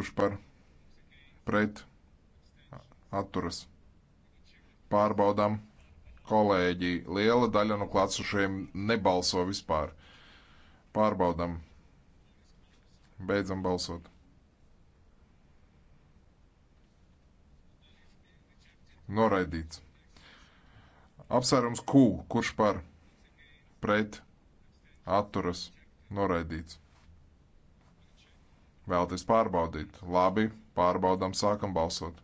Kurš par? Pret? Atturas. Pārbaudām. Kolēģi, liela daļa no klātsušajiem nebalso vispār. Pārbaudām. Beidzam balsot. Noraidīts. Apsvērums Q. Kurš par? Pret? Atturas. Noraidīts. Vēlties pārbaudīt. Labi, pārbaudām, sākam balsot.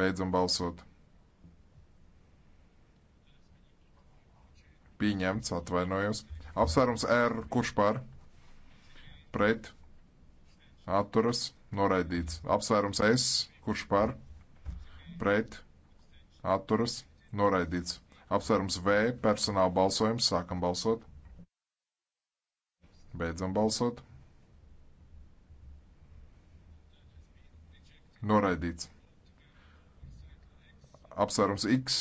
Beidzam balsot. Pieņemts, atvainojos. Apsvērums R, kurš par? Pret. Atturas, noraidīts. Apsvērums S, kurš par? Pret. Atturas, noraidīts. Apsvērums V, personāla balsojums, sākam balsot. Beidzam balsot. Noraidīts. Apsvērums X.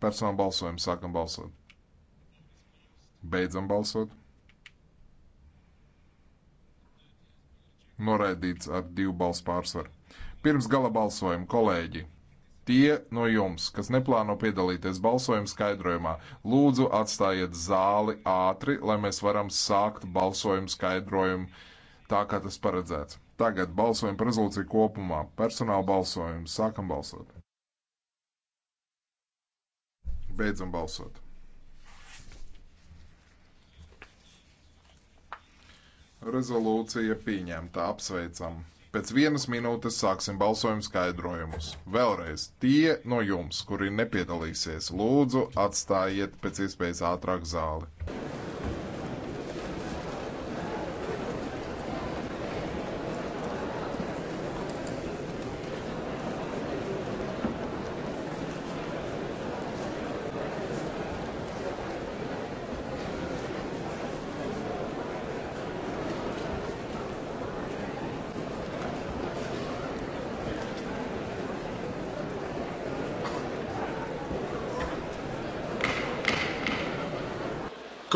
Personu balsojumu sākam balsot. Beidzam balsot. Noraidīts ar divu balsu pārsvaru. Pirms gala balsojuma kolēģi Tie no jums, kas neplāno piedalīties balsojuma skaidrojumā, lūdzu atstājiet zāli ātri, lai mēs varam sākt balsojuma skaidrojumu tā, kā tas paredzēts. Tagad balsojam par rezolūciju kopumā. Personāla balsojums. Sākam balsot. Beidzam balsot. Rezolūcija pieņemta. Apsveicam. Pēc vienas minūtes sāksim balsojumu skaidrojumus. Vēlreiz tie no jums, kuri nepiedalīsies, lūdzu atstājiet pēc iespējas ātrāk zāli.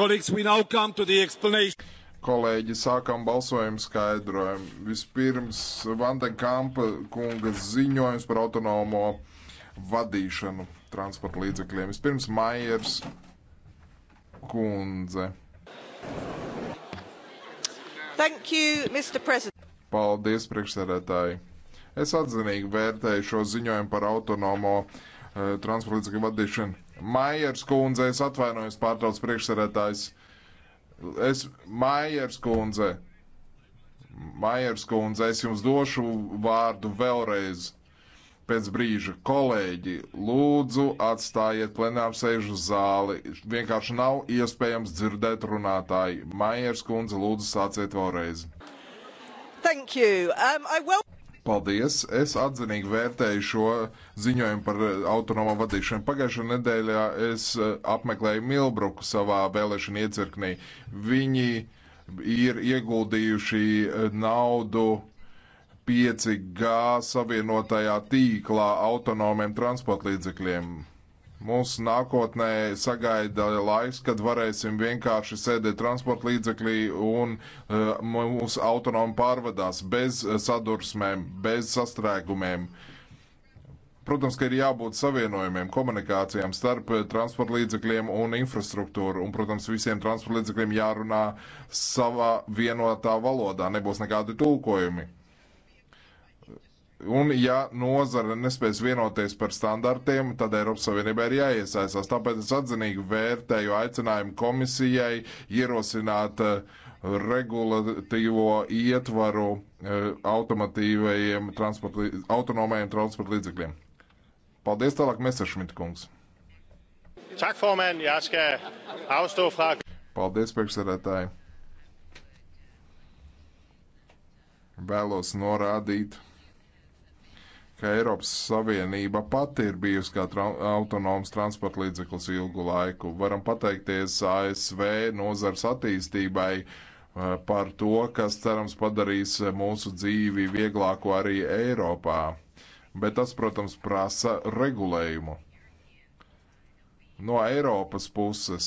Kolēģi, sākam balsojumu skaidrojumu. Vispirms Vandenkampa kungas ziņojums par autonomo vadīšanu transporta līdzekļiem. Vispirms Maiers kundze. Thank you, Mr. President. Paldies, priekšsēdētāji. Es atzinīgi vērtēju šo ziņojumu par autonomo uh, transporta līdzekļu vadīšanu Maijers kundze, es atvainojos pārtrauc priekšsarētājs. Es, Maijers kundze, Maijers kundze, es jums došu vārdu vēlreiz pēc brīža. Kolēģi, lūdzu atstājiet plenārsēžu zāli. Vienkārši nav iespējams dzirdēt runātāji. Maijers kundze, lūdzu sāciet vēlreiz. Thank you. Um, I will... Paldies! Es atzinīgi vērtēju šo ziņojumu par eh, autonomo vadīšanu. Pagājušajā nedēļā es eh, apmeklēju Milbruku savā vēlēšana iecirknī. Viņi ir ieguldījuši eh, naudu 5G savienotajā tīklā autonomiem transportlīdzekļiem. Mūsu nākotnē sagaida laiks, kad varēsim vienkārši sēdēt transporta līdzeklī un uh, eh, mūsu autonomi pārvadās bez sadursmēm, bez sastrēgumiem. Protams, ka ir jābūt savienojumiem, komunikācijām starp eh, transporta līdzekļiem un infrastruktūru. Un, protams, visiem transporta līdzekļiem jārunā savā vienotā valodā, nebūs nekādi tulkojumi. Un, ja nozara nespēs vienoties par standartiem, tad Eiropas Savienībai ir jāiesaistās. Tāpēc es atzinīgi vērtēju aicinājumu komisijai ierosināt eh, regulatīvo ietvaru eh, automatīvajiem transporta, autonomajiem transporta līdzekļiem. Paldies tālāk, Messeršmit kungs. Tak, formand. Jeg skal afstå fra... Paldies, priekšsēdētāji. Vēlos norādīt ka Eiropas Savienība pati ir bijusi kā tra autonoms transporta līdzeklis ilgu laiku. Varam pateikties ASV nozars attīstībai eh, par to, kas cerams padarīs mūsu dzīvi vieglāku arī Eiropā. Bet tas, protams, prasa regulējumu. No Eiropas puses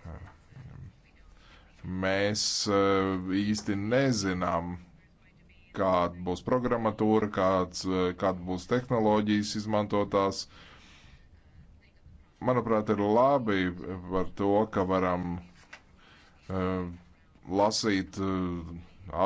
eh, mēs eh, īsti nezinām, kāda būs programmatūra, kāds, kāda būs tehnoloģijas izmantotās. Manuprāt, ir labi par to, ka varam uh, lasīt uh,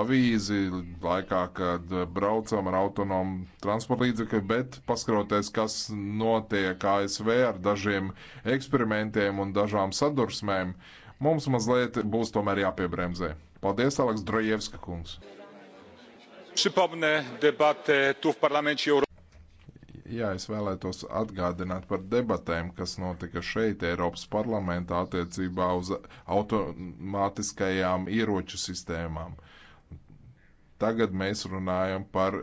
avīzi laikā, kad braucam ar autonomu transporta līdzekli, bet paskroties, kas notiek ASV ar dažiem eksperimentiem un dažām sadursmēm, mums mazliet būs tomēr jāpiebremzē. Paldies, Aleks Drojevska kungs! Przypomnę debatę tu w parlamencie Europejskim. Jā, es vēlētos atgādināt par debatēm, kas notika šeit, Eiropas parlamentā, attiecībā uz automātiskajām ieroču sistēmām. Tagad mēs runājam par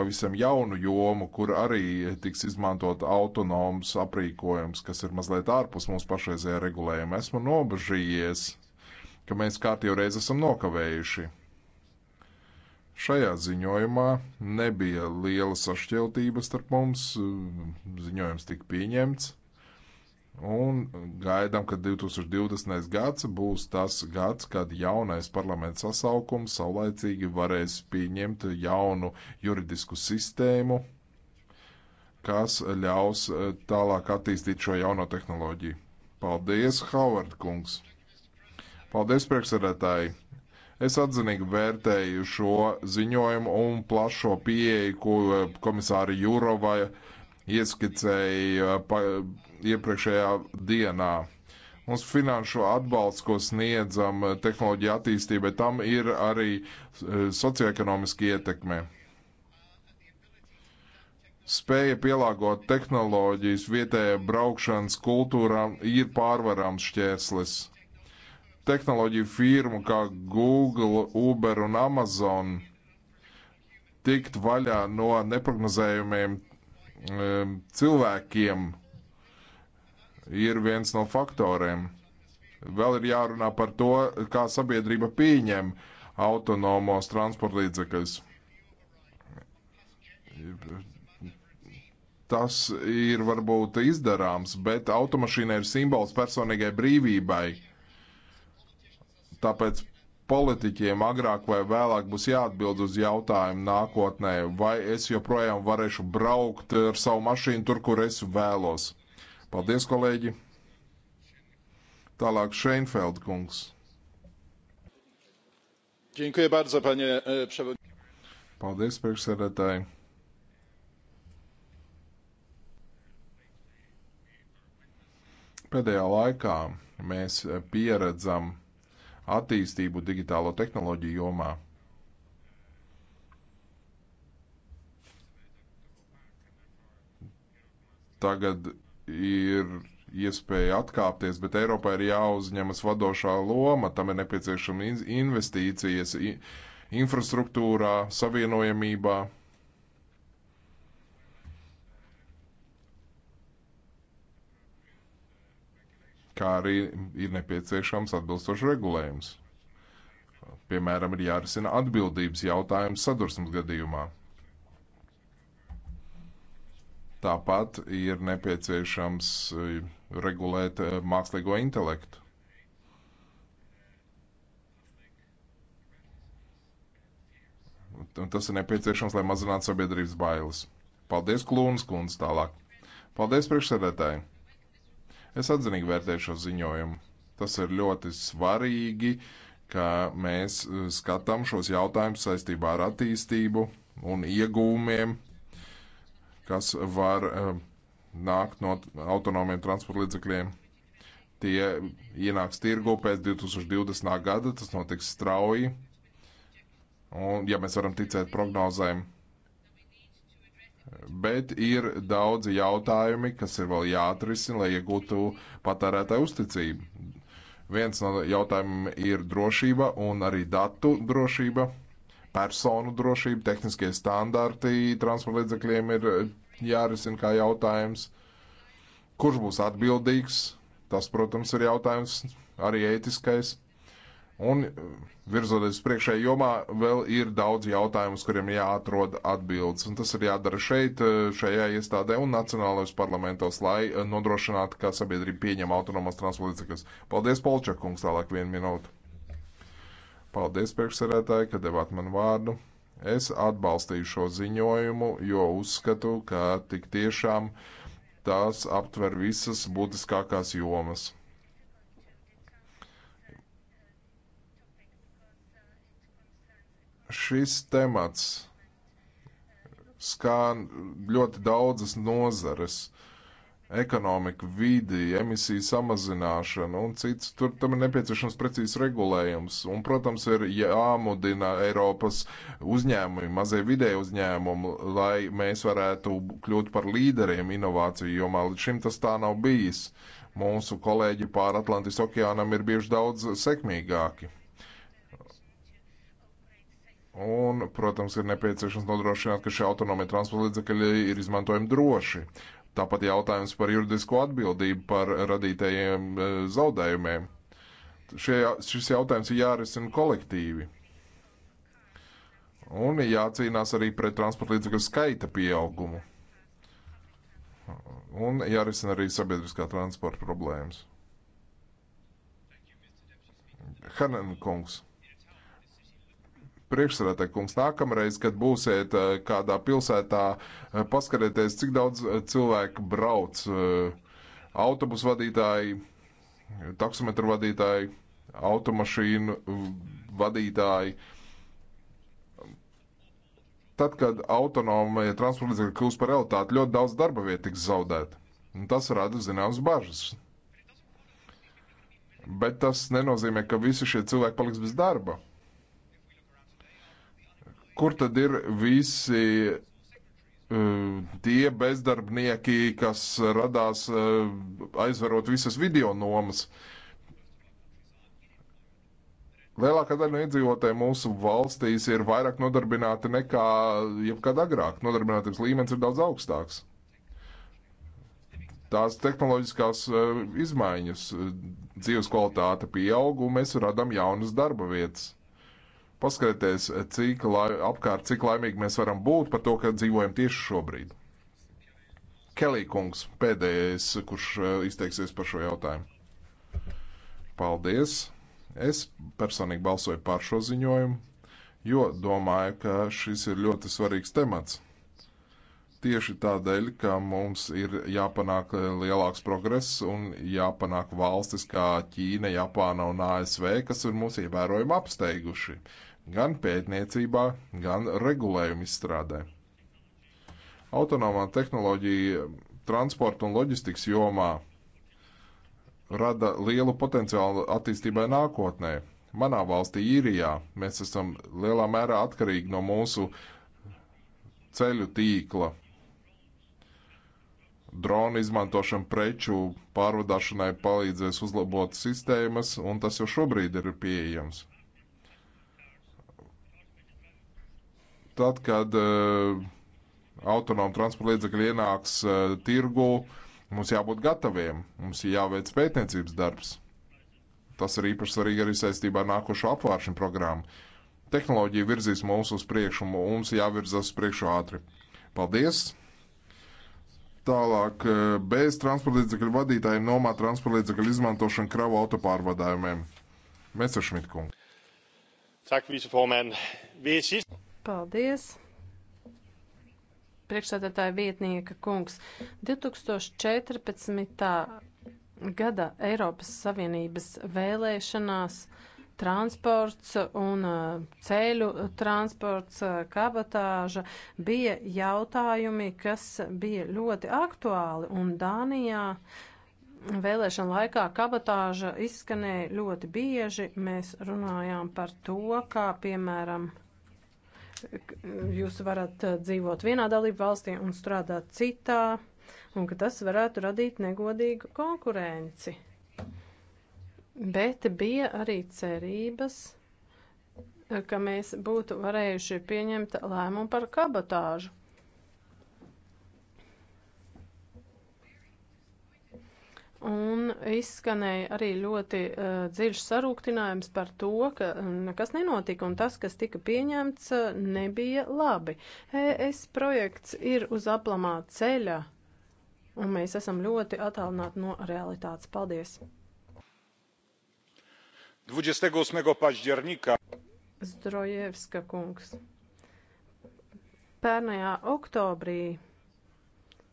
pavisam jaunu jomu, kur arī tiks izmantot autonoms aprīkojums, kas ir mazliet ārpus mūsu pašreizējā regulējuma. Esmu nobežījies, ka mēs kārtīgi reiz esam nokavējuši. Šajā ziņojumā nebija liela sašķeltība starp mums, ziņojums tika pieņemts, un gaidām, ka 2020. gads būs tas gads, kad jaunais parlaments sasaukums saulaicīgi varēs pieņemt jaunu juridisku sistēmu, kas ļaus eh, tālāk attīstīt šo jauno tehnoloģiju. Paldies, Howard kungs! Paldies, priekšsēdētāji! Es atzinīgi vērtēju šo ziņojumu un plašo pieeju, ko eh, komisāra Jurova ieskicēja eh, pa, iepriekšējā dienā. Mums finanšu atbalsts, ko sniedzam eh, tehnoloģija attīstībai, tam ir arī socioekonomiski ietekme spēja pielāgot tehnoloģijas vietējai braukšanas kultūrām ir pārvarams šķērslis tehnoloģiju firmu kā Google, Uber un Amazon tikt vaļā no neprognozējumiem cilvēkiem ir viens no faktoriem. Vēl ir jārunā par to, kā sabiedrība pieņem autonomos transporta līdzekļus. Tas ir varbūt izdarāms, bet automašīna ir simbols personīgai brīvībai Tāpēc politiķiem agrāk vai vēlāk būs jāatbild uz jautājumu nākotnē, vai es joprojām varēšu braukt ar savu mašīnu tur, kur es vēlos. Paldies, kolēģi! Tālāk Šeinfeld kungs. E, Paldies, priekšsēdētāji! Pēdējā laikā mēs pieredzam attīstību digitālo tehnoloģiju jomā. Tagad ir iespēja atkāpties, bet Eiropā ir jāuzņemas vadošā loma, tam ir nepieciešama investīcijas infrastruktūrā, savienojamībā. kā arī ir nepieciešams atbilstošs regulējums. Piemēram, ir jārisina atbildības jautājums sadursmes gadījumā. Tāpat ir nepieciešams eh, regulēt eh, mākslīgo intelektu. Un tas ir nepieciešams, lai mazinātu sabiedrības bailes. Paldies, Klūnas kundze, tālāk. Paldies, priekšsēdētāji! Es atzinīgi vērtēju šo ziņojumu. Tas ir ļoti svarīgi, ka mēs e, skatām šos jautājumus saistībā ar attīstību un iegūmiem, kas var e, nākt no autonomiem transporta līdzekļiem. Tie ienāks tirgu pēc 2020. gada, tas notiks strauji. Un, ja mēs varam ticēt prognozēm, Bet ir daudzi jautājumi, kas ir vēl jāatrisina, lai iegūtu patērētāju uzticību. Viens no jautājumiem ir drošība un arī datu drošība, personu drošība, tehniskie standarti transporta līdzekļiem ir jārisina kā jautājums. Kurš būs atbildīgs? Tas, protams, ir jautājums arī ētiskais. Un eh, virzoties priekšējā jomā, vēl ir daudz jautājumu, uz kuriem jāatrod atbildes. Un tas ir jādara šeit, eh, šajā iestādē un nacionālajos parlamentos, lai eh, nodrošinātu, ka sabiedrība pieņem autonomās transporta līdzekļus. Paldies, Polčakungs, tālāk vienu minūtu. Paldies, priekšsarētāji, ka devāt man vārdu. Es atbalstīju šo ziņojumu, jo uzskatu, ka tik tiešām tās aptver visas būtiskākās jomas šis temats skan ļoti daudzas nozares - ekonomika, vidi, emisiju samazināšana un cits. Tur tam ir nepieciešams precīzs regulējums. Un, protams, ir jāmudina Eiropas uzņēmumi, mazie vidēji uzņēmumi, lai mēs varētu kļūt par līderiem inovāciju jomā. Līdz šim tas tā nav bijis. Mūsu kolēģi pār Atlantijas okeānam ir bieži daudz sekmīgāki. Un, protams, ir nepieciešams nodrošināt, ka šie autonomie transporta līdzekļi ir izmantojami droši. Tāpat jautājums par juridisko atbildību par radītajiem e, zaudējumiem. Šie, šis jautājums ir jārisina kolektīvi. Un jācīnās arī pret transporta līdzekļu skaita pieaugumu. Un jārisina arī sabiedriskā transporta problēmas. Hanan kungs. Priekšsēdētāj, kungs, nākamreiz, kad būsiet eh, kādā pilsētā, eh, paskarieties, cik daudz eh, cilvēku brauc. Autobusu vadītāji, taksometru vadītāji, automašīnu vadītāji. Tad, kad autonomija transporta līdzekļi kļūst par realitāti, ļoti daudz darba vietu tiks zaudēta. Tas rada zināmas bažas. Bet tas nenozīmē, ka visi šie cilvēki paliks bez darba. Kur tad ir visi e, tie bezdarbnieki, kas radās e, aizverot visas video nomas. Lielākā daļa no iedzīvotājiem mūsu valstīs ir vairāk nodarbināti nekā jebkad agrāk. Nodarbinātības līmenis ir daudz augstāks. Tās tehnoloģiskās e, izmaiņas, dzīves kvalitāte pieaug un mēs radām jaunas darba vietas. Paskatieties, cik lai, apkārt, cik laimīgi mēs varam būt par to, ka dzīvojam tieši šobrīd. Kelīkungs pēdējais, kurš eh, izteiksies par šo jautājumu. Paldies! Es personīgi balsoju par šo ziņojumu, jo domāju, ka šis ir ļoti svarīgs temats. Tieši tādēļ, ka mums ir jāpanāk lielāks progress un jāpanāk valstis kā Ķīna, Japāna un ASV, kas ir mūs ievērojami apsteiguši. Uh, gan pētniecībā, gan regulējuma izstrādē. Autonomā tehnoloģija transporta un loģistikas jomā rada lielu potenciālu attīstībai nākotnē. Manā valstī, Īrijā, mēs esam lielā mērā atkarīgi no mūsu ceļu tīkla, dronu izmantošana preču pārvadāšanai palīdzēs uzlabot sistēmas, un tas jau šobrīd ir pieejams. tad, kad uh, autonomu transporta līdzekļi ienāks uh, tirgu, mums jābūt gataviem, mums ir jāveic pētniecības darbs. Tas ir īpaši svarīgi arī saistībā ar nākošo apvāršanu programmu. Tehnoloģija virzīs mūs uz priekšu, un mums jāvirzas uz priekšu ātri. Paldies! Tālāk, eh, bez transporta līdzekļu vadītājiem nomā transporta līdzekļu izmantošana kravu autopārvadājumiem. Messerschmidt kungs. Tak, viceformand. Ved sidst... Paldies! Priekšsēdētāja vietnieka kungs 2014. gada Eiropas Savienības vēlēšanās transports un uh, ceļu transports, uh, kabatāža bija jautājumi, kas bija ļoti aktuāli. Un Dānijā vēlēšana laikā kabatāža izskanēja ļoti bieži. Mēs runājām par to, kā piemēram jūs varat eh, dzīvot vienā dalību valstī un strādāt citā, un ka tas varētu radīt negodīgu konkurenci. Bet bija arī cerības, eh, ka mēs būtu varējuši pieņemt lēmumu par kabatāžu. Un izskanēja arī ļoti uh, dziļš sarūktinājums par to, ka eh, nekas nenotika un tas, kas tika pieņemts, uh, nebija labi. ES projekts ir uz aplamā ceļa un mēs esam ļoti attālināti no realitātes. Paldies! 28. października Zdrojevska kungs. Pērnajā oktobrī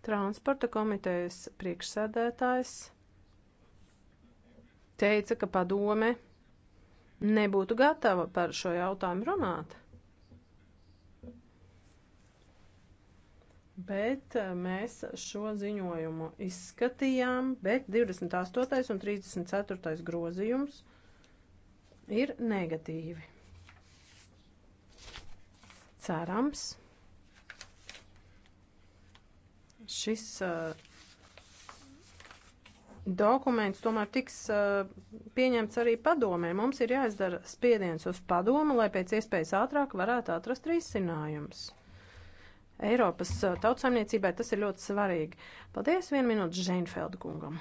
transporta komitejas priekšsēdētājs teica, ka padome nebūtu gatava par šo jautājumu runāt. Bet eh, mēs šo ziņojumu izskatījām, bet 28. un 34. grozījums ir negatīvi. Cerams, šis uh, dokuments tomēr tiks uh, pieņemts arī padomē. Mums ir jāizdara spiediens uz padomu, lai pēc iespējas ātrāk varētu atrast risinājums. Eiropas uh, tautsaimniecībai tas ir ļoti svarīgi. Paldies vienu minūtu Žeinfeldu kungam.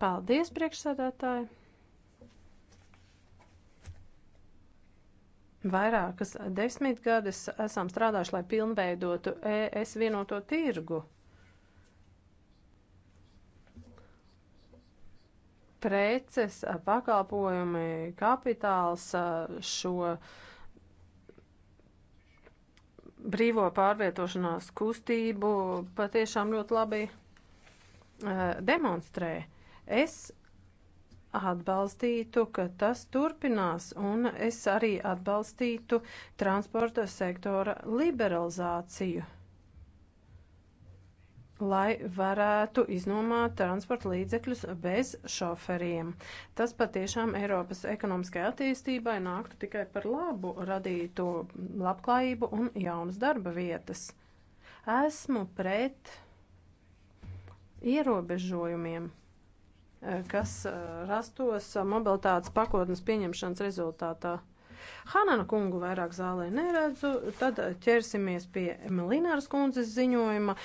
Paldies, priekšsēdētāji! Vairākas desmitgades esam strādājuši, lai pilnveidotu ES vienoto tirgu. preces, pakalpojumi, kapitāls šo brīvo pārvietošanās kustību patiešām ļoti labi demonstrē. Es atbalstītu, ka tas turpinās, un es arī atbalstītu transporta sektora liberalizāciju lai varētu iznomāt transporta līdzekļus bez šoferiem. Tas patiešām Eiropas ekonomiskai attīstībai nāktu tikai par labu, radītu labklājību un jaunas darba vietas. Esmu pret ierobežojumiem, eh, kas eh, rastos mobilitātes pakotnes pieņemšanas rezultātā. Hanana kungu vairāk zālē neredzu, tad ķersimies pie Melināras kundzes ziņojuma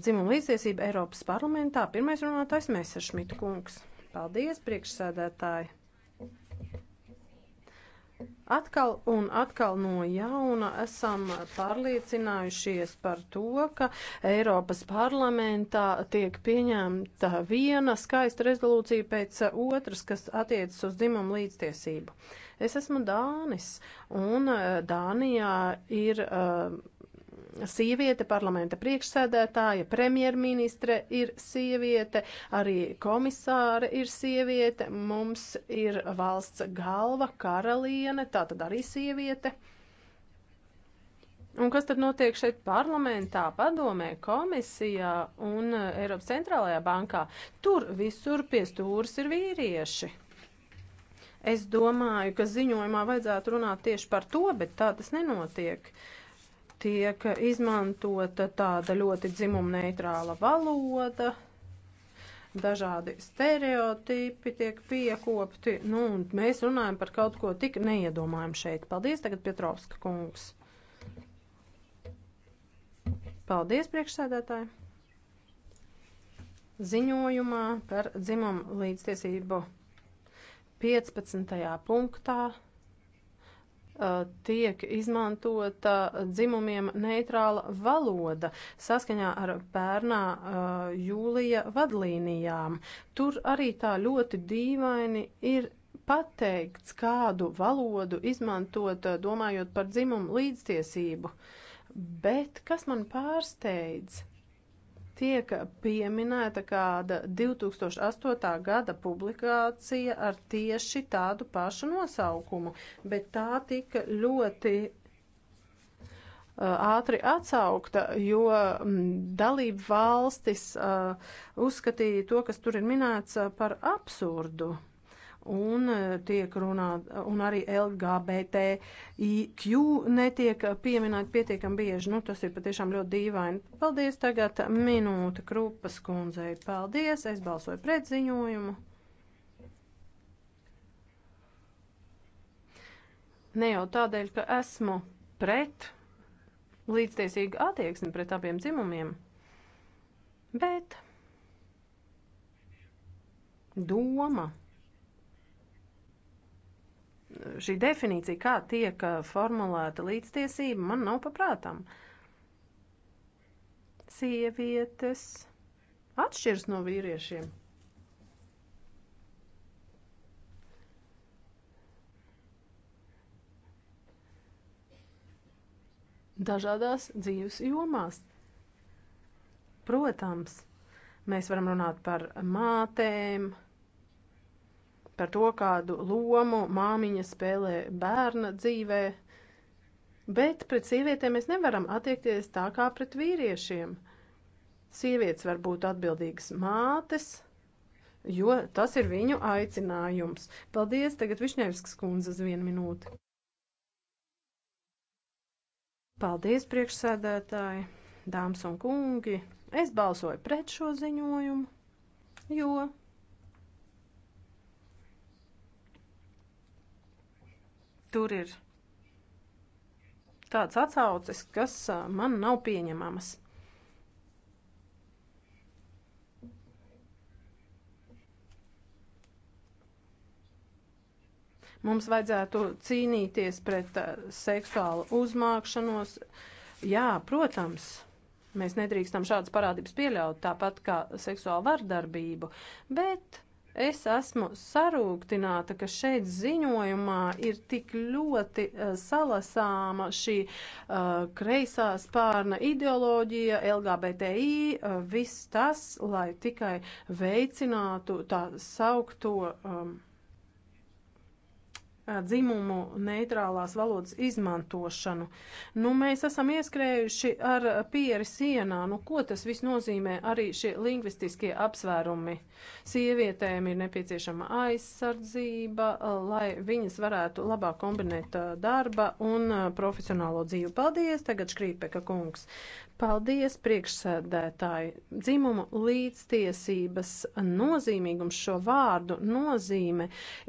dzimuma līdztiesība Eiropas parlamentā. Pirmais runātājs Messeršmita kungs. Paldies, priekšsēdētāji! Atkal un atkal no jauna esam pārliecinājušies par to, ka Eiropas parlamentā tiek pieņemta viena skaista rezolūcija pēc otras, kas attiecas uz dzimumu līdztiesību. Es esmu Dānis, un eh, Dānijā ir. Uh, sieviete, parlamenta priekšsēdētāja, premjerministre ir sieviete, arī komisāre ir sieviete, mums ir valsts galva, karaliene, tā tad arī sieviete. Un kas tad notiek šeit parlamentā, padomē, komisijā un eh, Eiropas centrālajā bankā? Tur visur pie stūras ir vīrieši. Es domāju, ka ziņojumā vajadzētu runāt tieši par to, bet tā tas nenotiek. Tiek izmantota tāda ļoti dzimumneitrāla valoda, dažādi stereotipi tiek piekopti, nu, un mēs runājam par kaut ko tik neiedomājam šeit. Paldies, tagad Pietrovska kungs. Paldies, priekšsēdētāji! Ziņojumā par dzimumu līdztiesību 15. punktā uh, tiek izmantota dzimumiem neitrāla valoda saskaņā ar pērnā uh, jūlija vadlīnijām. Tur arī tā ļoti dīvaini ir pateikts, kādu valodu izmantot, uh, domājot par dzimumu līdztiesību. Bet kas man pārsteidz? tiek pieminēta kāda 2008. gada publikācija ar tieši tādu pašu nosaukumu, bet tā tika ļoti uh, ātri atsaukta, jo mm, dalību valstis uh, uzskatīja to, kas tur ir minēts, uh, par absurdu un e, tiek runāt, un arī LGBTIQ netiek pieminēt pietiekam bieži. Nu, tas ir patiešām ļoti dīvaini. Paldies tagad minūte Krupas kundzei. Paldies, es balsoju pret ziņojumu. Ne jau tādēļ, ka esmu pret līdztiesīgu attieksmi pret abiem dzimumiem, bet doma šī definīcija, kā tiek uh, formulēta līdztiesība, man nav paprātām. Sievietes atšķiras no vīriešiem. Dažādās dzīves jomās. Protams, mēs varam runāt par mātēm, par to, kādu lomu māmiņa spēlē bērna dzīvē, bet pret sievietēm mēs nevaram attiekties tā kā pret vīriešiem. Sievietes var būt atbildīgas mātes, jo tas ir viņu aicinājums. Paldies, tagad Višņevskas kundze uz vienu minūti. Paldies, priekšsēdētāji, dāmas un kungi. Es balsoju pret šo ziņojumu, jo Tur ir tāds atsauces, kas man nav pieņemamas. Mums vajadzētu cīnīties pret seksuālu uzmākšanos. Jā, protams, mēs nedrīkstam šādas parādības pieļaut, tāpat kā seksuālu vardarbību, bet Es esmu sarūktināta, ka šeit ziņojumā ir tik ļoti uh, salasāma šī uh, kreisā spārna ideoloģija, LGBTI, uh, eh, viss tas, lai tikai veicinātu tā saukto. Um, dzimumu neitrālās valodas izmantošanu. Nu, mēs esam ieskrējuši ar pieri sienā. Nu, ko tas viss nozīmē arī šie lingvistiskie apsvērumi? Sievietēm ir nepieciešama aizsardzība, lai viņas varētu labāk kombinēt darba un profesionālo dzīvi. Paldies, tagad Škrīpeka kungs. Paldies, priekšsēdētāji! Dzimumu līdztiesības nozīmīgums šo vārdu nozīme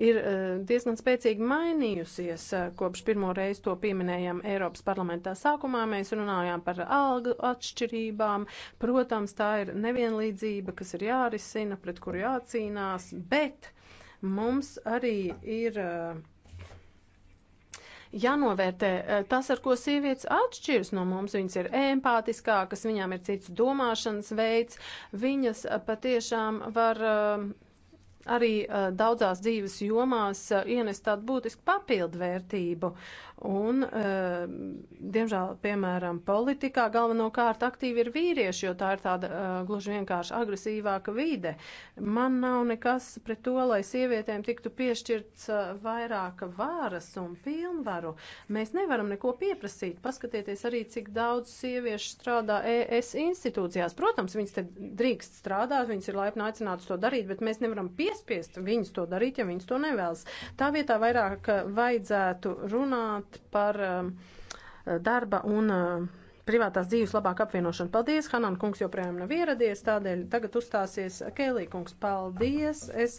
ir eh, diezgan spēcīgi mainījusies, eh, kopš pirmo reizi to pieminējām Eiropas parlamentā. Sākumā mēs runājām par algu atšķirībām. Protams, tā ir nevienlīdzība, kas ir jārisina, pret kuru jācīnās, bet mums arī ir. Uh, jānovērtē eh, tas, ar ko sievietes atšķiras no mums. Viņas ir empātiskākas, viņām ir cits domāšanas veids, viņas eh, patiešām var eh, arī uh, daudzās dzīves jomās uh, ienest tādu būtisku papildu vērtību. Un, uh, diemžēl, piemēram, politikā galvenokārt aktīvi ir vīrieši, jo tā ir tāda uh, gluži vienkārši agresīvāka vide. Man nav nekas pret to, lai sievietēm tiktu piešķirts uh, vairāk vāras un pilnvaru. Mēs nevaram neko pieprasīt. Paskatieties arī, cik daudz sieviešu strādā ES institūcijās. Protams, viņas te drīkst strādāt, viņas ir laipni aicinātas to darīt, bet mēs nevaram pieprasīt piespiest viņus to darīt, ja viņus to nevēlas. Tā vietā vairāk eh, vajadzētu runāt par eh, darba un eh, privātās dzīves labāk apvienošanu. Paldies, Hanan kungs joprojām nav ieradies, tādēļ tagad uzstāsies Kēlī kungs. Paldies! Es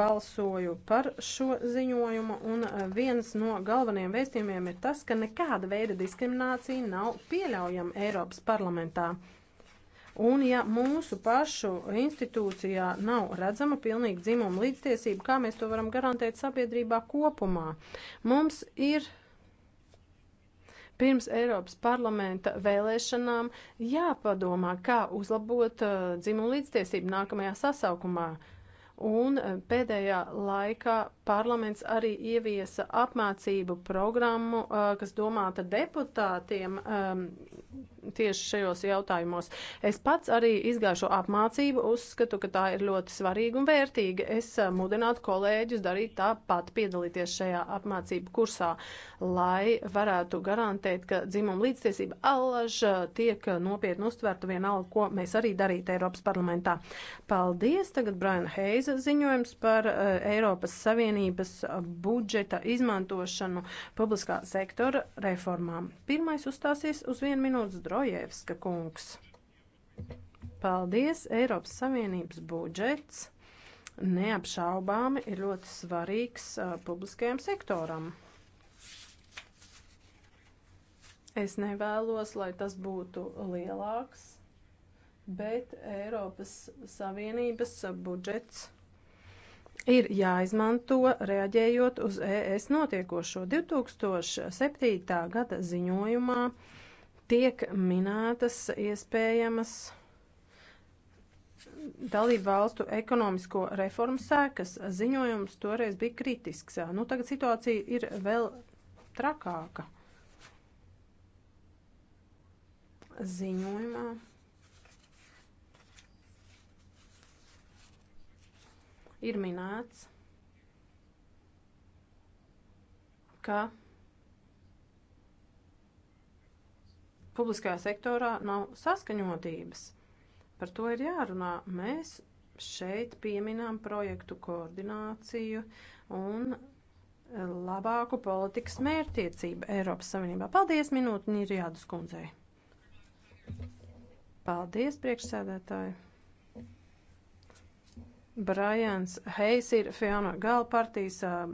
balsoju par šo ziņojumu, un viens no galvenajiem vēstījumiem ir tas, ka nekāda veida diskriminācija nav pieļaujama Eiropas parlamentā. Un ja mūsu pašu institūcijā nav redzama pilnīga dzimuma līdztiesība, kā mēs to varam garantēt sabiedrībā kopumā? Mums ir pirms Eiropas parlamenta vēlēšanām jāpadomā, kā uzlabot uh, dzimumu līdztiesību nākamajā sasaukumā. Un uh, pēdējā laikā parlaments arī ieviesa apmācību programmu, kas domāta deputātiem tieši šajos jautājumos. Es pats arī izgāju apmācību, uzskatu, ka tā ir ļoti svarīga un vērtīga. Es mudinātu kolēģus darīt tāpat, piedalīties šajā apmācību kursā, lai varētu garantēt, ka dzimuma līdztiesība allaž tiek nopietni uztverta vienalga, ko mēs arī darītu Eiropas parlamentā. Paldies! Tagad Braina Heiza ziņojums par Eiropas Savienību. Savienības budžeta izmantošanu publiskā sektora reformām. Pirmais uzstāsies uz vienu minūtes Drojevska kungs. Paldies, Eiropas Savienības budžets neapšaubāmi ir ļoti svarīgs uh, publiskajam sektoram. Es nevēlos, lai tas būtu lielāks, bet Eiropas Savienības budžets ir jāizmanto reaģējot uz ES notiekošo 2007. gada ziņojumā tiek minētas iespējamas dalību valstu ekonomisko reformu sēkas. Ziņojums toreiz bija kritisks. Nu, tagad situācija ir vēl trakāka. Ziņojumā ir minēts, ka publiskajā sektorā nav saskaņotības. Par to ir jārunā. Mēs šeit pieminām projektu koordināciju un labāku politikas mērķtiecību Eiropas Savienībā. Paldies, minūte, ir jādus kundzei. Paldies, priekšsēdētāji. Brians Heis ir Fiona Gala partijas uh,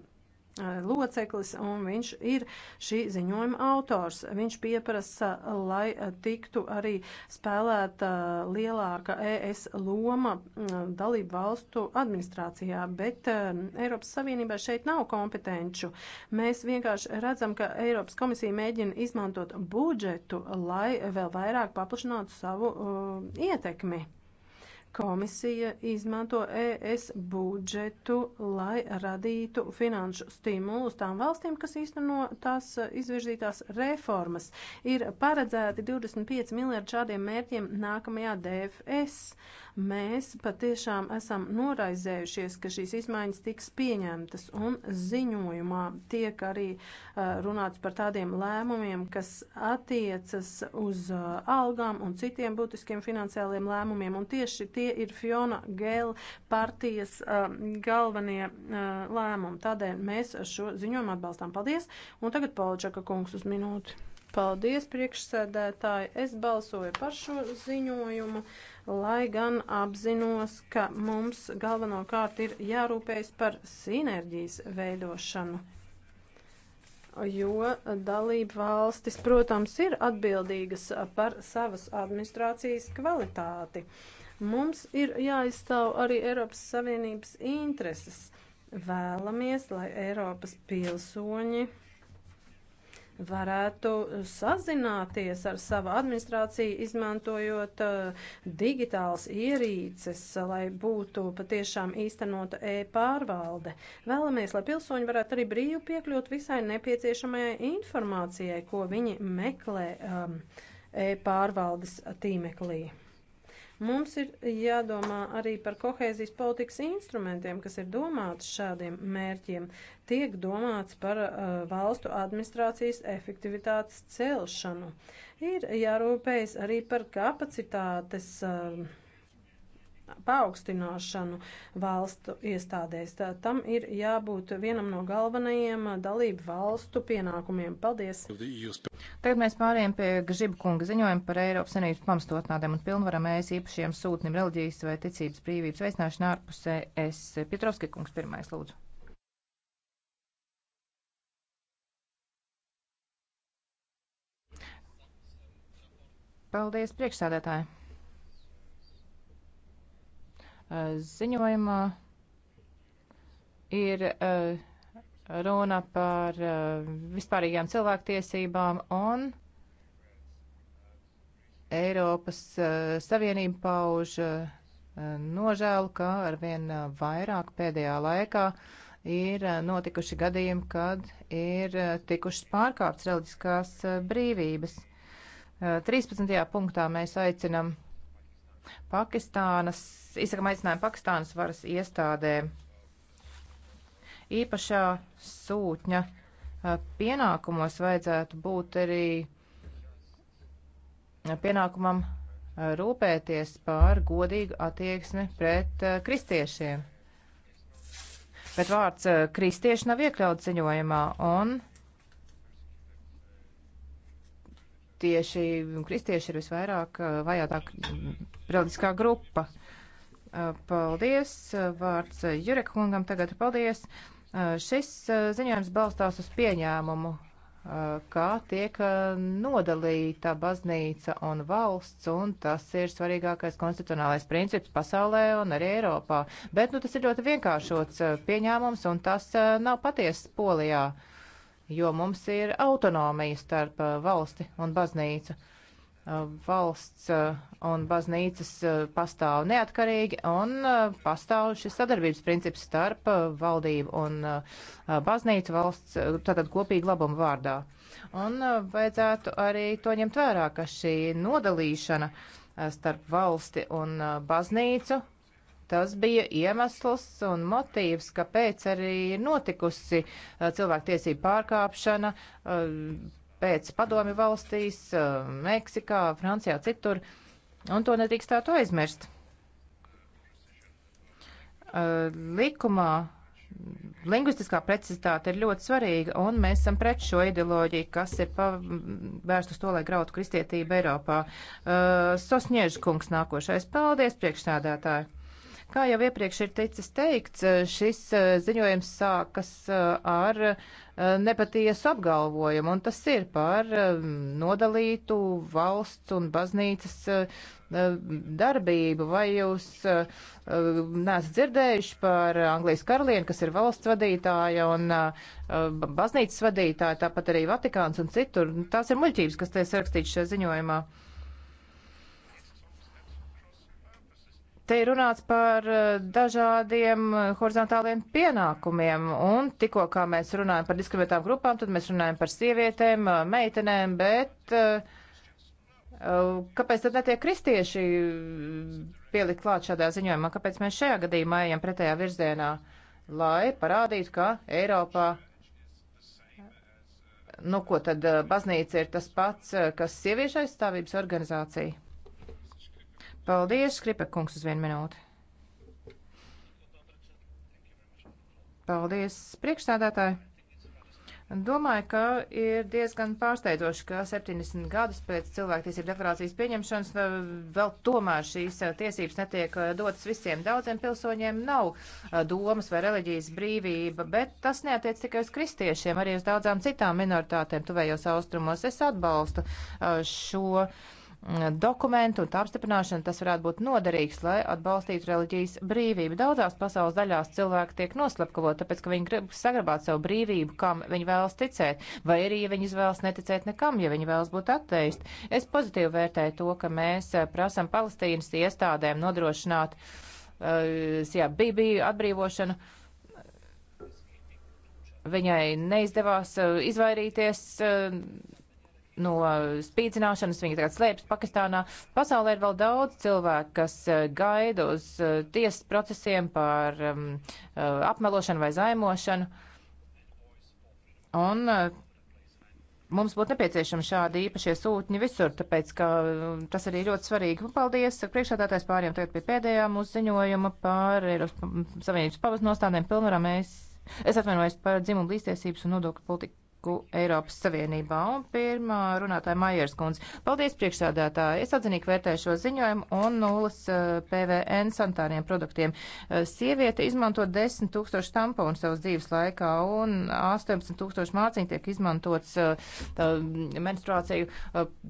loceklis, un viņš ir šī ziņojuma autors. Viņš pieprasa, lai tiktu arī spēlēta lielāka ES loma dalību valstu administrācijā, bet Eiropas Savienībā šeit nav kompetenču. Mēs vienkārši redzam, ka Eiropas komisija mēģina izmantot budžetu, lai vēl vairāk paplašinātu savu uh, ietekmi. Komisija izmanto ES budžetu, lai radītu finanšu stimulus tām valstīm, kas īsteno tās izvirzītās reformas. Ir paredzēti 25 miljardi šādiem mērķiem nākamajā DFS. Mēs patiešām esam noraizējušies, ka šīs izmaiņas tiks pieņemtas un ziņojumā tiek arī uh, runāts par tādiem lēmumiem, kas attiecas uz uh, algām un citiem būtiskiem finansiāliem lēmumiem. Un tieši tie tie ir Fiona Gēla partijas uh, galvenie uh, lēmumi. Tādēļ mēs šo ziņojumu atbalstām. Paldies! Un tagad Pauļčaka kungs uz minūti. Paldies, priekšsēdētāji! Es balsoju par šo ziņojumu, lai gan apzinos, ka mums galvenokārt ir jārūpējas par sinerģijas veidošanu jo dalība valstis, protams, ir atbildīgas par savas administrācijas kvalitāti. Uh, Mums ir jāizstāv arī Eiropas Savienības intereses. Vēlamies, lai Eiropas pilsoņi varētu sazināties ar savu administrāciju, izmantojot uh, eh, digitālas ierīces, lai būtu patiešām īstenota e-pārvalde. Vēlamies, lai pilsoņi varētu arī brīvi piekļūt visai nepieciešamajai informācijai, ko viņi meklē um, e-pārvaldes tīmeklī. Mums ir jādomā arī par kohēzijas politikas instrumentiem, kas ir domāts šādiem mērķiem. Tiek domāts par uh, valstu administrācijas efektivitātes celšanu. Ir jārūpējas arī par kapacitātes. Uh, paaugstināšanu valstu iestādēs. Tā, tam ir jābūt vienam no galvenajiem dalību valstu pienākumiem. Paldies! Tagad mēs pārējām pie Gžiba kunga ziņojuma par Eiropas Savienības pamstotnādēm un pilnvaram ēs īpašiem sūtnim reliģijas vai ticības brīvības veicināšanu ārpusē. Es Pietrovski kungs pirmais lūdzu. Paldies priekšsādētāji! Eh, ziņojumā ir eh, runa par eh, vispārīgām cilvēktiesībām un Eiropas Savienība pauž nožēlu, ka arvien vairāk pēdējā laikā ir notikuši gadījumi, kad ir tikušas pārkāptas reliģiskās brīvības. 13. punktā mēs aicinam Pakistānas, izsakam aicinājumu Pakistānas varas iestādēm īpašā sūtņa pienākumos vajadzētu būt arī pienākumam rūpēties par godīgu attieksmi pret kristiešiem. Bet vārds kristieši nav iekļauts ziņojumā, un kristieši, kristieši ir visvairāk eh, vajātā reliģiskā grupa. Eh, paldies, eh, vārds Jurek Hungam tagad paldies. Šis ziņojums balstās uz pieņēmumu, kā tiek nodalīta baznīca un valsts, un tas ir svarīgākais konstitucionālais princips pasaulē un arī Eiropā. Bet, nu, tas ir ļoti vienkāršots pieņēmums, un tas nav patiesas polijā jo mums ir autonomija starp uh, valsti un baznīcu. Uh, valsts uh, un baznīcas pastāv neatkarīgi un pastāv šis sadarbības princips starp valdību un baznīcu valsts, tātad kopīgi labumu vārdā. Un vajadzētu arī to ņemt vērā, ka šī nodalīšana starp valsti un baznīcu Tas bija iemesls un motīvs, kāpēc arī notikusi uh, cilvēktiesību pārkāpšana uh, pēc padomi valstīs, uh, Meksikā, Francijā, citur, un to nedrīkstētu aizmirst. Likumā lingvistiskā precizitāte ir ļoti svarīga, un mēs esam pret šo ideoloģiju, kas ir vērst uz to, lai grautu kristietību Eiropā. Sosniežs kungs nākošais. Paldies, priekšsādātāji! Kā jau iepriekš ir teicis teikts, eh, šis eh, ziņojums sākas eh, ar nepatiesu apgalvojumu, un tas ir par nodalītu valsts un baznīcas darbību. Vai jūs neesat dzirdējuši par Anglijas karalieni, kas ir valsts vadītāja un baznīcas vadītāja, tāpat arī Vatikāns un citur? Tās ir muļķības, kas te ir rakstīts šajā ziņojumā. Te ir runāts par eh, dažādiem eh, horizontāliem pienākumiem, un tikko kā mēs runājam par diskriminētām grupām, tad mēs runājam par sievietēm, eh, meitenēm, bet kāpēc tad netiek kristieši pielikt klāt šādā ziņojumā? Kāpēc mēs šajā gadījumā ejam pretējā virzienā, lai parādītu, ka Eiropā nu, ko tad baznīca ir tas pats, kas sieviešu aizstāvības organizācija? Paldies, Skripek kungs, uz vienu minūti. Paldies, priekšstādātāji. Domāju, ka ir diezgan pārsteidoši, ka 70 gadus pēc cilvēktiesību deklarācijas pieņemšanas eh, vēl tomēr šīs eh, tiesības netiek eh, dotas visiem. Daudziem pilsoņiem nav domas vai reliģijas brīvība, bet tas neatiec tikai uz kristiešiem, arī uz daudzām citām minoritātēm tuvējos austrumos. Es atbalstu šo. Uh, Mm, dokumentu un tā apstiprināšana tas varētu būt noderīgs, lai atbalstītu reliģijas brīvību. Daudzās pasaules daļās cilvēki tiek noslepkavot, tāpēc, ka viņi grib saglabāt savu brīvību, kam viņi vēlas ticēt, vai arī, ja viņi izvēlas neticēt nekam, ja viņi vēlas būt atteisti. Es pozitīvi vērtēju to, ka mēs eh, prasam Palestīnas iestādēm nodrošināt uh, jā, Bībiju atbrīvošanu. Viņai neizdevās uh, izvairīties. Uh, no spīdzināšanas, viņi tagad slēpjas Pakistānā. Pasaulē ir vēl daudz cilvēku, kas eh, gaida uz eh, tiesas procesiem par um, eh, apmelošanu vai zaimošanu. Un uh, mums būtu nepieciešami šādi īpašie sūtņi visur, tāpēc, ka um, tas arī ļoti svarīgi. Paldies, priekšādātais pāriem tagad pie pēdējā mūsu ziņojuma par Eiropas um, Savienības pavas nostādēm pilnvarā mēs, es atvainojos par dzimumu līdztiesības un nodokļu politiku politiku Eiropas Savienībā. Un pirmā runātāja Maiers kundze. Paldies priekšsādātāji. Es atzinīgi vērtēju šo ziņojumu un nulles eh, PVN santāriem produktiem. Eh, sieviete izmanto 10 tūkstoši tamponu savas dzīves laikā un 18 tūkstoši māciņu tiek izmantots eh, menstruāciju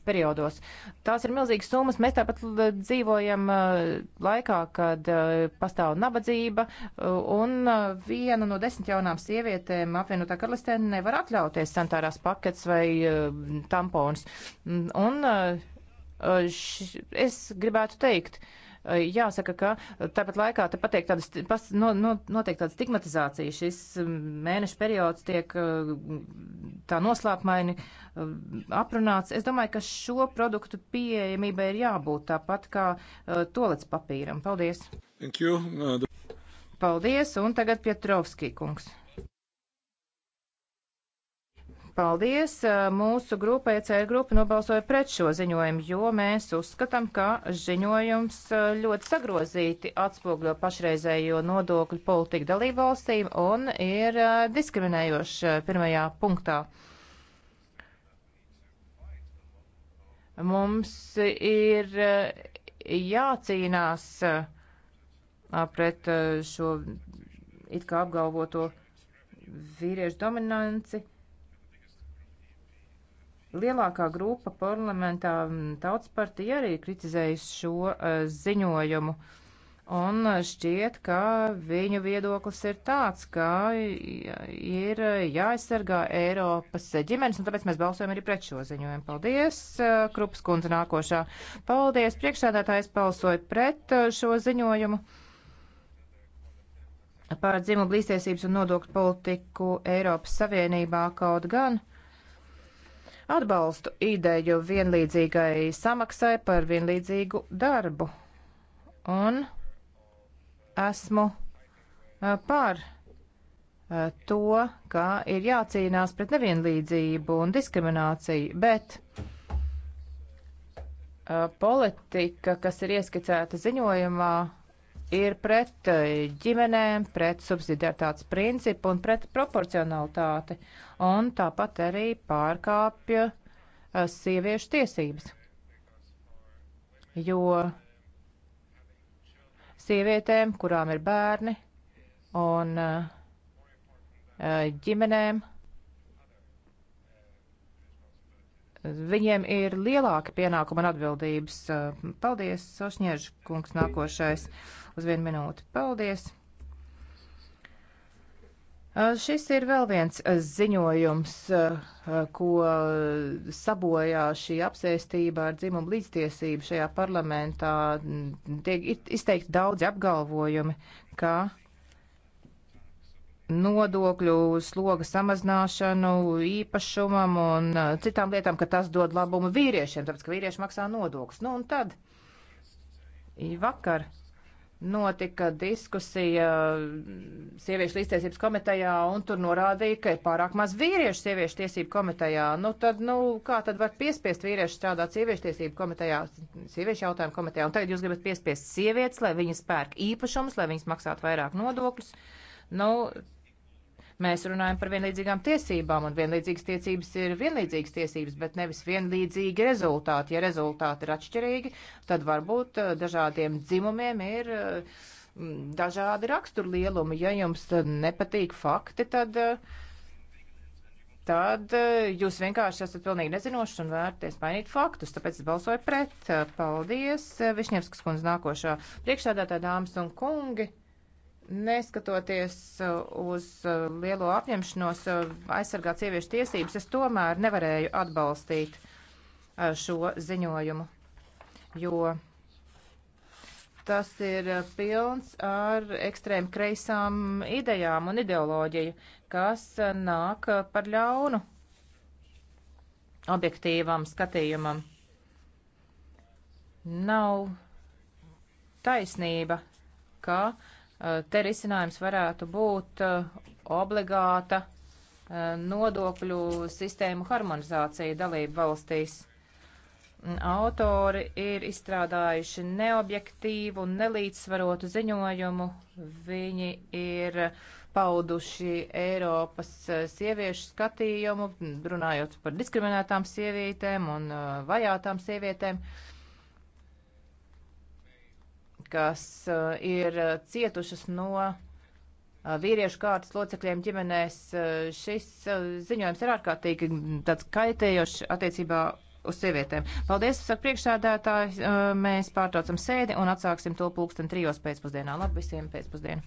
periodos. Tās ir milzīgas summas. Mēs tāpat dzīvojam laikā, kad pastāv nabadzība un viena no desmit jaunām sievietēm apvienotā karalistē nevar atļauties ievies sanitārās paketes vai eh, tampons. Un eh, es gribētu teikt, eh, jāsaka, ka tāpat laikā te patiek tādas, pas, no, no, notiek tāda stigmatizācija. Šis mm, mēneša periods tiek tā noslēpmaini aprunāts. Es domāju, ka šo produktu pieejamībai ir jābūt tāpat kā tolets papīram. Paldies! Thank you. Uh, Paldies, un tagad Pietrovskī kungs. Paldies! Mūsu grupa, ECR grupa, nobalsoja pret šo ziņojumu, jo mēs uzskatām, ka ziņojums ļoti sagrozīti atspogļo pašreizējo nodokļu politiku dalībvalstīm un ir diskriminējošs pirmajā punktā. Mums ir jācīnās pret šo it kā apgalvoto vīriešu dominanci Lielākā grupa parlamentā tautas partija arī kritizējusi šo uh, ziņojumu. Un e, šķiet, ka viņu viedoklis ir tāds, ka ir e, jāaizsargā Eiropas ģimenes, un tāpēc mēs balsojam arī pret šo ziņojumu. Paldies, Krups kundze nākošā. Paldies, priekšsēdētājs balsoja pret šo ziņojumu par dzimumu blīstiesības un nodokļu politiku Eiropas Savienībā kaut gan. Atbalstu ideju vienlīdzīgai samaksai par vienlīdzīgu darbu un esmu par to, ka ir jācīnās pret nevienlīdzību un diskrimināciju, bet politika, kas ir ieskicēta ziņojumā, ir pret eh, ģimenēm, pret subsidiartātes principu un pret proporcionalitāti, un tāpat arī pārkāpja eh, sieviešu tiesības. Jo sievietēm, kurām ir bērni, un eh, ģimenēm Viņiem ir lielāka pienākuma un atbildības. Paldies, Sošņiežs kungs, nākošais uz vienu minūti. Paldies! Šis ir vēl viens ziņojums, ko sabojā šī apsēstība ar dzimumu līdztiesību šajā parlamentā. Tiek izteikti daudzi apgalvojumi, ka nodokļu sloga samazināšanu īpašumam un uh, citām lietām, ka tas dod labumu vīriešiem, tāpēc, ka vīrieši maksā nodokļus. Nu, un tad vakar notika diskusija sieviešu līdztiesības komitejā, un tur norādīja, ka ir pārāk maz vīriešu sieviešu tiesību komitejā. Nu, tad, nu, kā tad var piespiest vīriešu strādāt sieviešu tiesību komitejā, sieviešu jautājumu komitejā, un tagad jūs gribat piespiest sievietes, lai viņas pērk īpašumus, lai viņas maksātu vairāk nodokļus. Nu, Mēs runājam par vienlīdzīgām tiesībām, un vienlīdzīgas tiesības ir vienlīdzīgas tiesības, bet nevis vienlīdzīgi rezultāti. Ja rezultāti ir atšķirīgi, tad varbūt eh, dažādiem dzimumiem ir eh, dažādi raksturlielumi. Ja jums nepatīk fakti, tad, eh, tad jūs vienkārši esat pilnīgi nezinošs un vērties mainīt faktus. Tāpēc es balsoju pret. Paldies, Višņevskas kundze, nākošā priekšsēdētāja dāmas un kungi. Neskatoties uh, uz uh, lielo apņemšanos uh, aizsargāt sieviešu tiesības, es tomēr nevarēju atbalstīt šo ziņojumu, jo tas ir pilns ar ekstrēm kreisām idejām un ideoloģiju, kas nāk par ļaunu objektīvam skatījumam. Nav taisnība, ka uh, Eh, te risinājums varētu būt eh, obligāta eh, nodokļu sistēmu harmonizācija dalību valstīs. Mm, autori ir izstrādājuši neobjektīvu un nelīdzsvarotu ziņojumu. Viņi ir pauduši Eiropas sieviešu skatījumu, mm, runājot par diskriminētām sievietēm un vajātām sievietēm. Uh, kas eh, ir cietušas no eh, vīriešu kārtas locekļiem ģimenēs. Eh, šis ziņojums ir ārkārtīgi mm, tāds kaitējošs attiecībā uz sievietēm. Paldies, saka priekšsēdētāji, mēs pārtraucam sēdi un atsāksim to pulksten trijos pēcpusdienā. Labi visiem pēcpusdienu!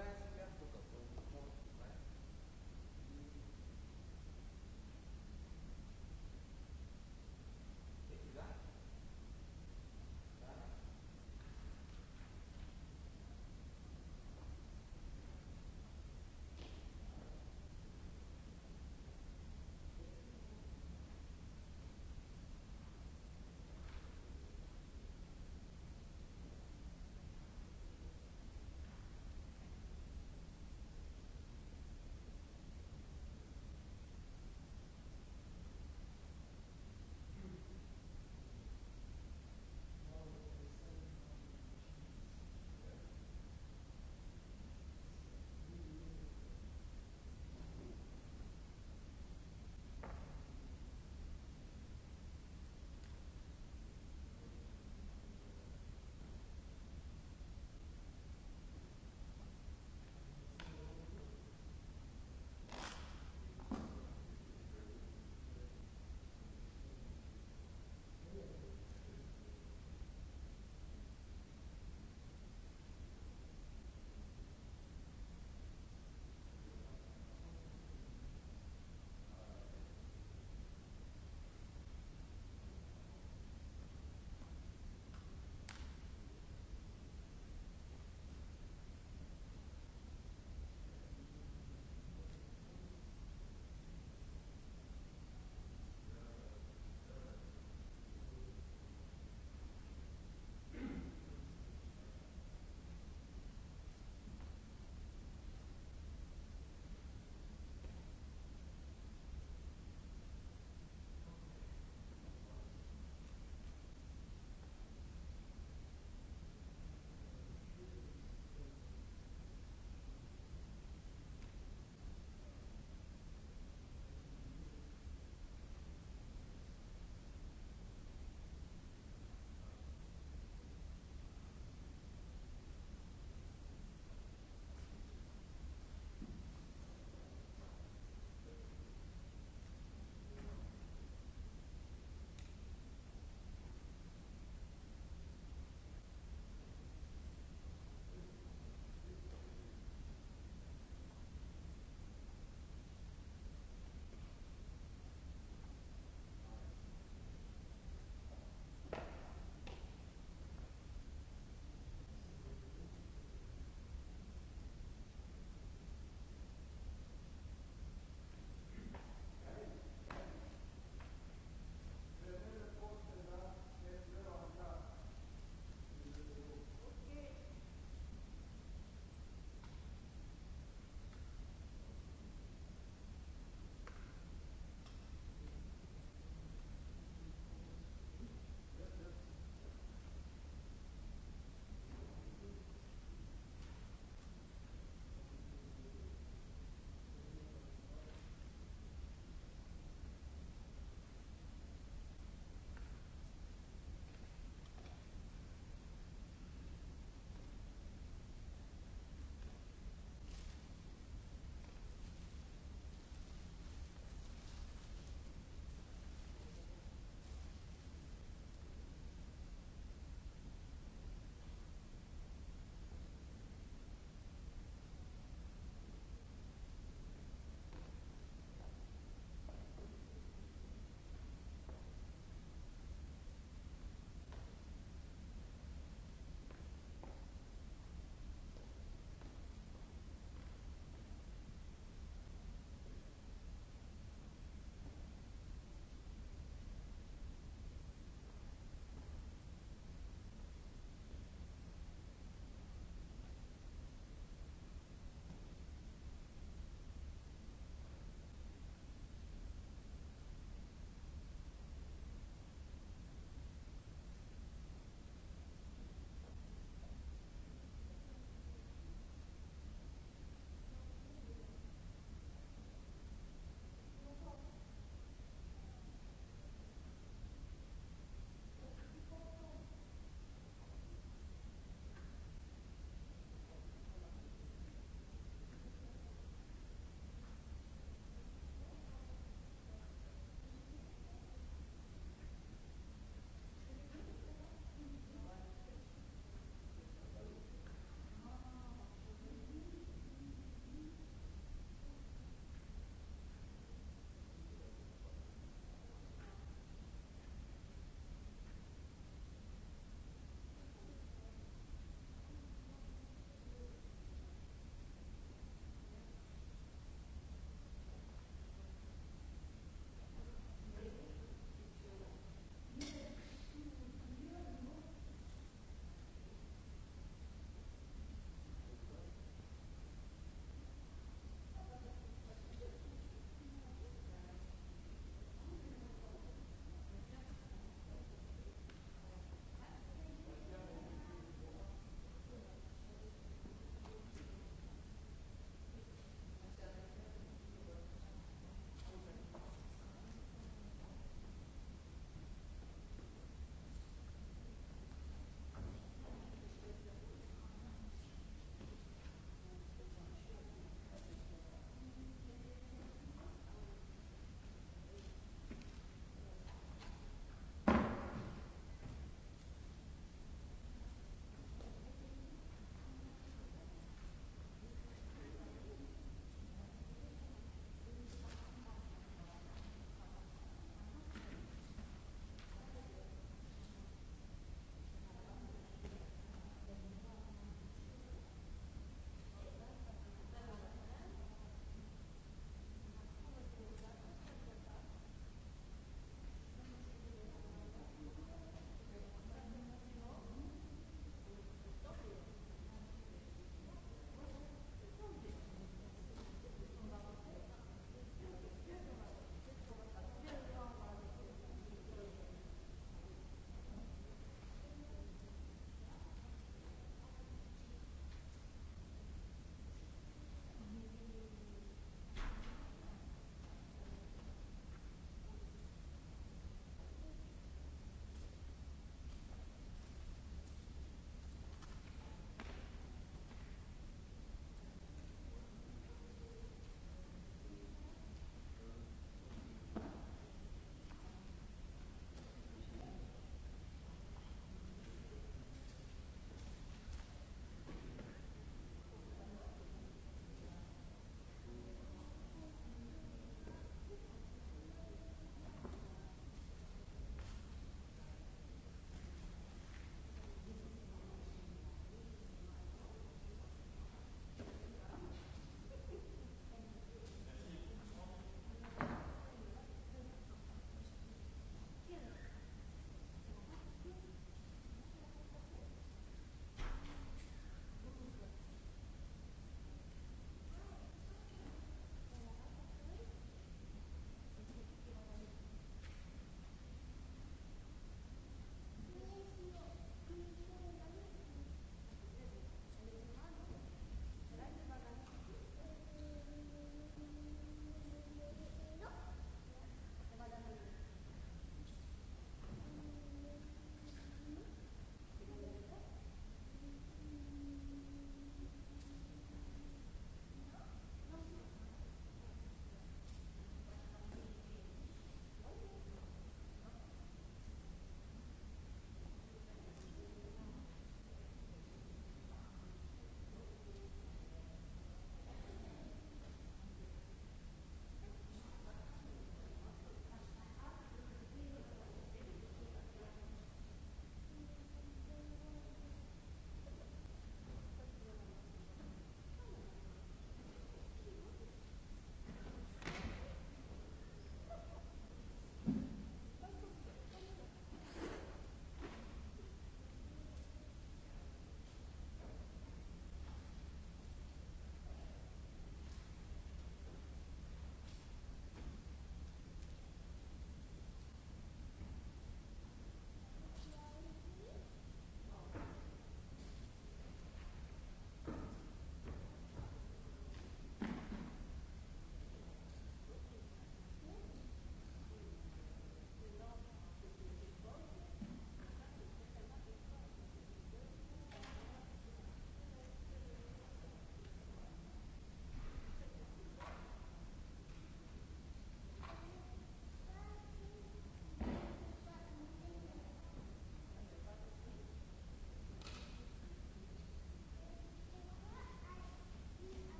atrás.